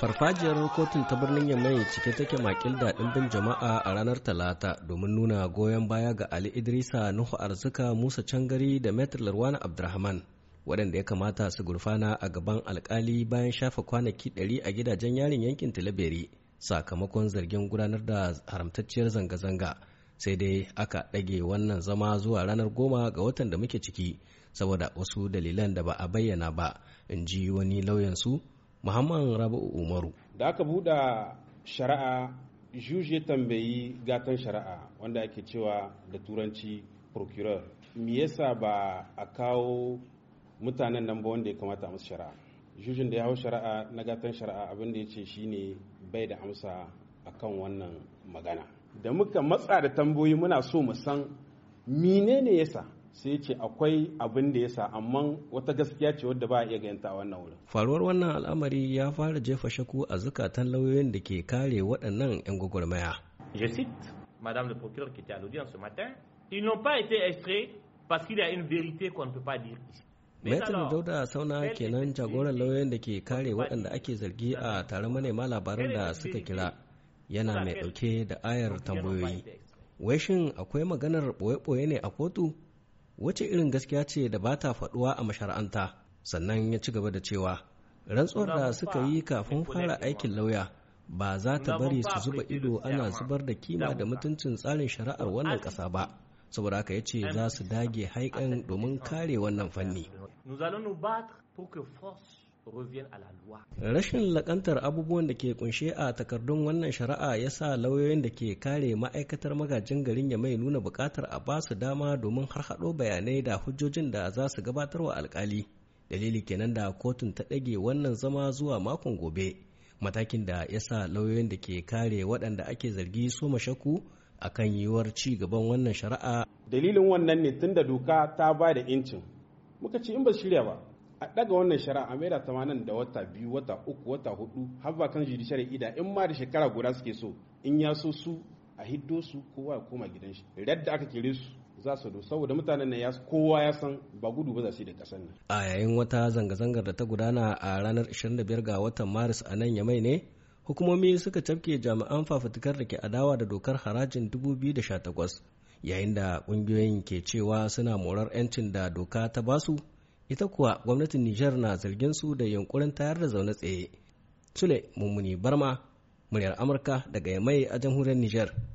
farfajiyar kotun ta birnin yamai cike take makil da bin jama'a a ranar talata domin nuna goyon baya ga ali idrisa nuhu Arzika, musa cangari da metr larwana abdurrahman waɗanda ya kamata su gurfana a gaban alkali bayan shafa kwanaki ɗari a gidajen yarin yankin tilaberi sakamakon zargin gudanar da haramtacciyar zanga-zanga sai dai aka ɗage wannan zama zuwa ranar goma ga watan da muke ciki saboda wasu dalilan da ba a bayyana ba in ji wani lauyansu Muhammad Rabi'u Umaru. Da aka buɗe shari'a juji tambayi gatan shari'a wanda ake cewa da turanci procureur. Me yasa ba a kawo mutanen nan ba wanda ya kamata a musu shari'a? Jujin da ya hau shari'a na gatan shari'a abin da ya ce shi ne bai da amsa a kan wannan magana. Da muka matsa da tambayoyi muna so mu san menene yasa sai ce akwai abin da ya sa amma wata gaskiya ce wadda ba a iya ganta wannan wurin. Faruwar wannan al'amari ya fara jefa shaku a zukatan lauyoyin da ke kare waɗannan 'yan gwagwarmaya. Je cite Madame le procureur qui était à l'audience ce matin, ils n'ont pas été extraits parce qu'il y a une vérité qu'on ne peut pas dire ici. Maitan Dauda Sauna kenan jagoran lauyoyin da ke kare waɗanda ake zargi a taron manema labaran da suka kira yana mai ɗauke da ayar tambayoyi. Wai shin akwai maganar ɓoye-ɓoye ne a kotu? wace irin gaskiya ce da ba ta faɗuwa a mashara'anta sannan ya ci gaba da cewa rantsuwar da suka yi kafin fara aikin lauya ba za ta bari su zuba ido ana zubar da kima da mutuncin tsarin shari'ar wannan ƙasa ba saboda haka ya ce za su dage haikan domin kare wannan fanni. Rashin lakantar abubuwan da ke kunshe a takardun wannan shari'a ya sa lauyoyin da ke kare ma'aikatar magajin garin ya mai nuna bukatar a ba su dama domin harhaɗo bayanai da hujjojin da za su gabatar wa alkali. Dalili kenan da kotun ta ɗage wannan zama zuwa makon gobe. Matakin da ya sa lauyoyin da ke kare waɗanda ake zargi su mashaku kan yiwuwar ci gaban wannan shari'a. Dalilin wannan ne tun da doka ta ba da incin. Muka ci in ba shirya ba, a daga wannan shari'a a mera ta nan da wata biyu wata uku wata hudu har ba kan judiciary ida in ma da shekara guda suke so in ya so su a hiddo su kowa ya koma gidan shi da aka kire su za su do saboda mutanen na kowa ya san ba gudu ba za su yi da kasan nan a yayin wata zanga-zangar da ta gudana a ranar 25 ga watan maris a nan yamai ne hukumomi suka cafke jami'an fafutukar da ke adawa da dokar harajin 2018 yayin da ƙungiyoyin ke cewa suna morar 'yancin da doka ta basu ita kuwa gwamnatin Nijar na zargin su da yunkurin tayar da zaune tsaye. Sule Mummuni Barma, muryar Amurka daga Yamai a jamhuriyar Nijar.